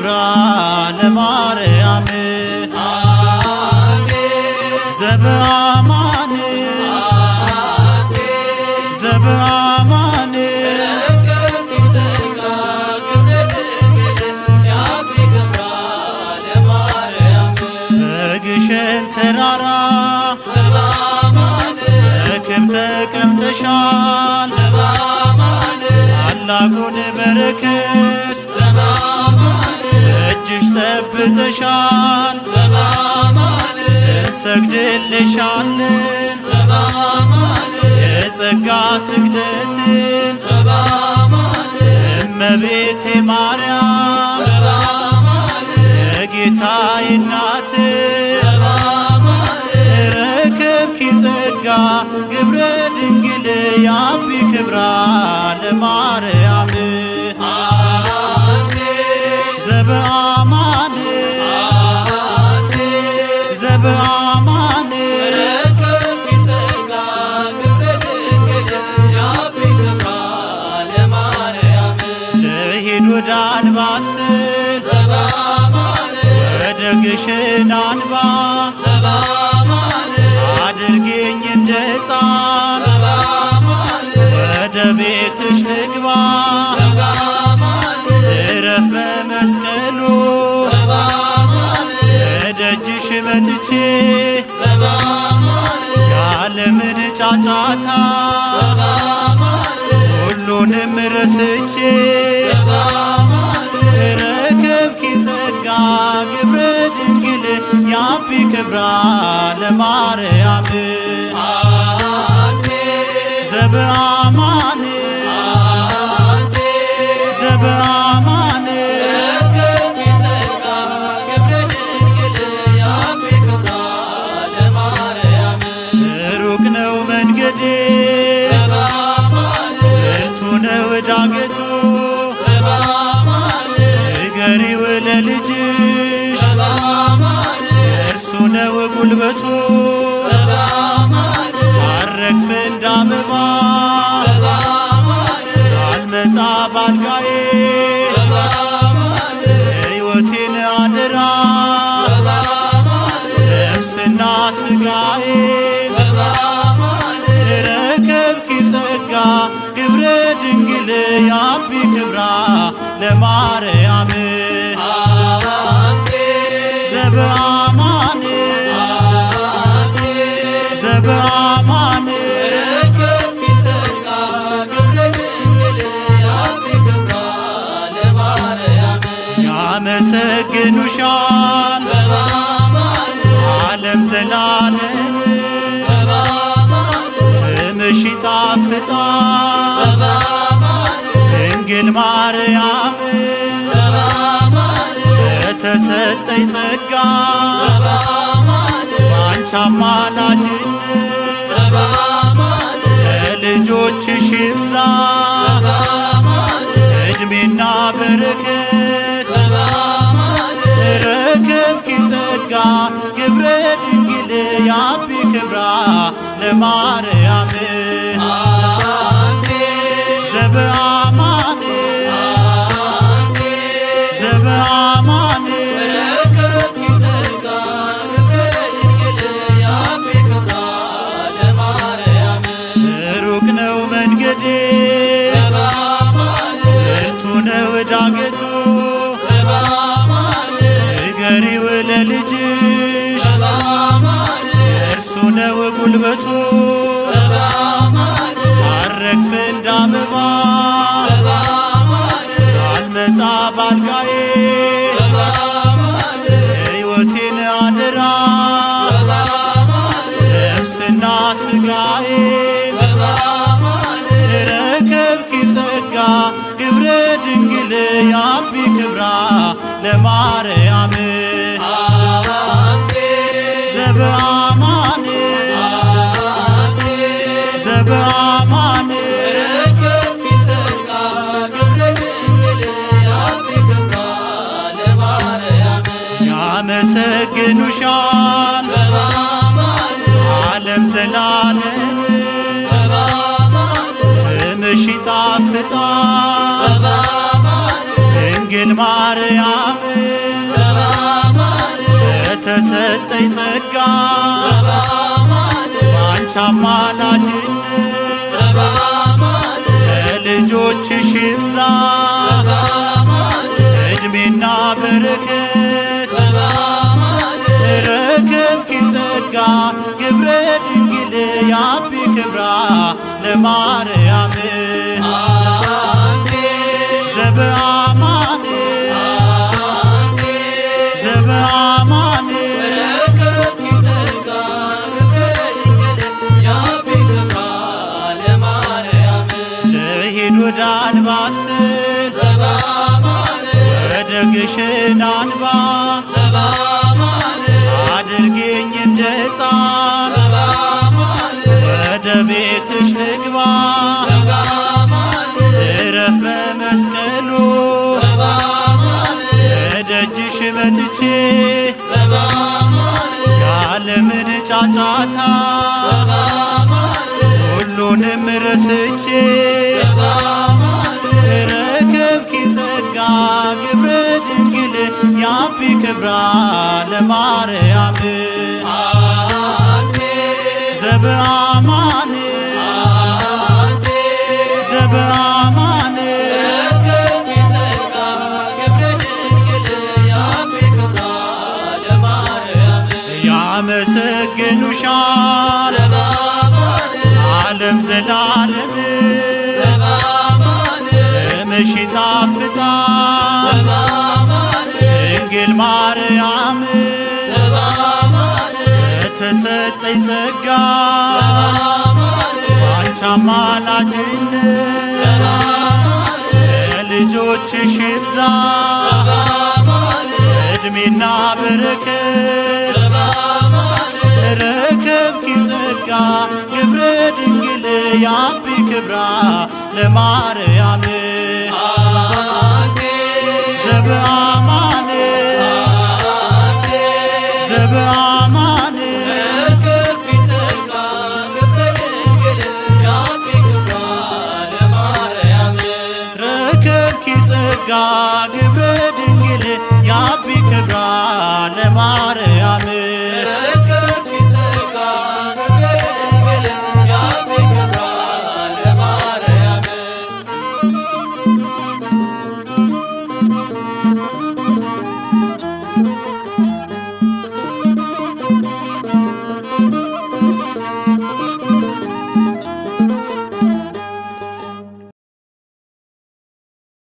ገብረአብ ዘበአማን ዘበአማን በግሸን ተራራ ተቀምጠሻል ታላቁን በረከት እንሰግድልሻል ዘበአማን እንሰግድልሻለን ዘበአማን የጸጋ ስግደትን ዘበአማን እመቤቴ ማርያም ዘበአማን የጌታዬ እናት ረከብኪ ጸጋ ግብረ ድንግል ያቢ ክብራ ለማርያም ወደ አንባስር ወደ ግሽን አንባ አድርጌኝ እንደ ሕፃን ወደ ቤትሽ ልግባ እረፍ በመስቀሉ እደጅሽ መጥቼ ያለምን ጫጫታ ሁሉንም ረስቼ ሎቢ ክብራ ለማርያም ዘበአማን ዘበአማን ሩቅ ነው መንገዴ እርቱ ነው ዳገቱ እገሪው ለልጅ ጉልበቱ ሳረግፍ እንደ አበባ ሳልመጣ ባልጋዬ ሕይወቴን አደራ ነፍስና ስጋዬ ረከብኪ ጸጋ ግብረ ድንግል ያቢ ክብራ ለማርያም ዘበ ለዘላለም ስምሽ ይጣፍጣል ድንግል ማርያም በተሰጠኝ ጸጋ አንቺ አማላጅነት ለልጆችሽ ይብዛ ለማርያም ያቢ ክብራ ለማርያም ዘበአማን ዘበአማን ያመሰግኑሻ ድንግል ማርያም የተሰጠኝ ጸጋ አንቺ አማላጅነት ለልጆችሽ ይብዛ እድሜና በረከት ረከብኪ ጸጋ ግብረ ድንግል ያቢ ክብራ ለማርያም ጫጫታ ሁሉንም ረስቼ ረከብኪ ጸጋ ግብረ ድንግል ያቢ ክብራ ለማርያም ዘበአማን ለዘላለም ስምሽ ይጣፍጣል ድንግል ማርያም የተሰጠኝ ጸጋ ባንቺ አማላጅነት ለልጆችሽ ይብዛ እድሜና በረከት ረከብኪ ጸጋ ለድንግል ያቢ ክብራ ለማርያም ዘበአማን ግብረ ድንግል ያቢ ክብራ ለማርያም